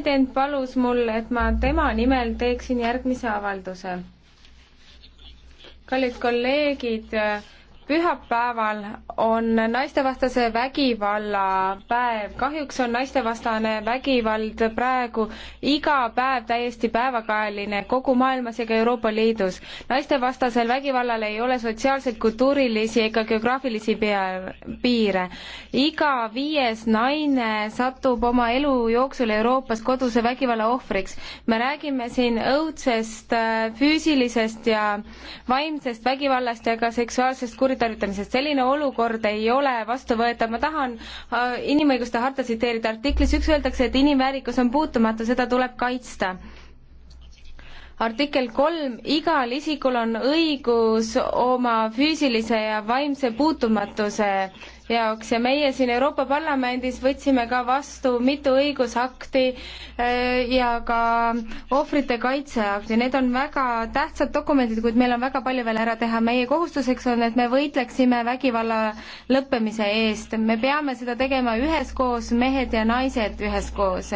president palus mul, et ma tema nimel teeksin järgmise avalduse. kallid kolleegid pühapäeval on naistevastase vägivalla päev. kahjuks on naistevastane vägivald praegu iga päev täiesti päevakajaline kogu maailmas ja ka Euroopa Liidus. naistevastasel vägivallal ei ole sotsiaalseid, kultuurilisi ega geograafilisi pea, piire. iga viies naine satub oma elu jooksul Euroopas koduse vägivalla ohvriks. me räägime siin õudsest äh, füüsilisest ja vaimsest vägivallast ja ka seksuaalsest kuritegevusest kuritarvitamisest. selline olukord ei ole vastuvõetav. ma tahan äh, inimõiguste harta tsiteerida. artiklis üks öeldakse, et inimväärikus on puutumatu, seda tuleb kaitsta artikkel kolm, igal isikul on õigus oma füüsilise ja vaimse puutumatuse jaoks ja meie siin Euroopa Parlamendis võtsime ka vastu mitu õigusakti eh, ja ka ohvrite kaitseakti, need on väga tähtsad dokumendid, kuid meil on väga palju veel ära teha, meie kohustuseks on, et me võitleksime vägivalla lõppemise eest, me peame seda tegema üheskoos, mehed ja naised üheskoos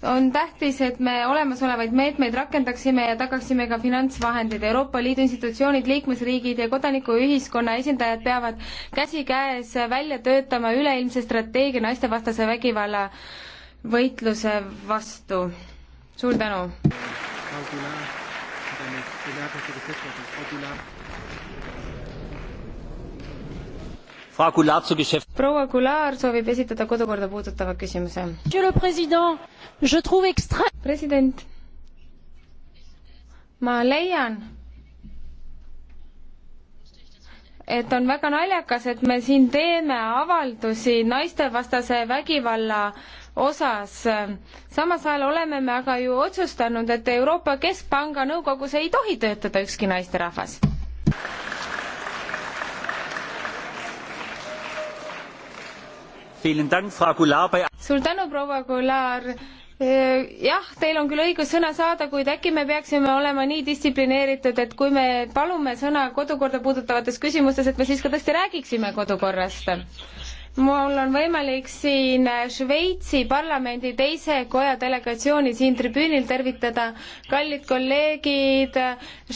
on tähtis, et me olemasolevaid meetmeid rakendaksime ja tagaksime ka finantsvahendid. Euroopa Liidu institutsioonid, liikmesriigid ja kodanikuühiskonna esindajad peavad käsikäes välja välja töötama üleilmse strateegia naistevastase vägivalla võitluse vastu. suur tänu! proua Goulart soovib esitada kodukorda puudutava küsimuse. president, ma leian, et on väga naljakas, et me siin teeme avaldusi naistevastase vägivalla osas. samas ajal oleme me aga ju otsustanud, et Euroopa Keskpanga nõukogus ei tohi töötada ükski naisterahvas. suur tänu, proua Goulart jah, teil on küll õigus sõna saada, kuid äkki me peaksime olema nii distsiplineeritud, et kui me palume sõna kodukorda puudutavates küsimustes, et me siis ka tõesti räägiksime kodukorrast mul on võimalik siin Šveitsi parlamendi teise koja delegatsiooni siin tribüünil tervitada. kallid kolleegid,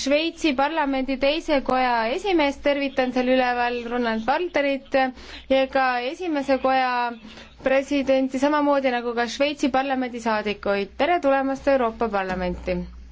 Šveitsi parlamendi teise koja esimeest tervitan seal üleval, Ronald Valterit ja ka esimese koja presidenti, samamoodi nagu ka Šveitsi parlamendi saadikuid. tere tulemast Euroopa Parlamenti!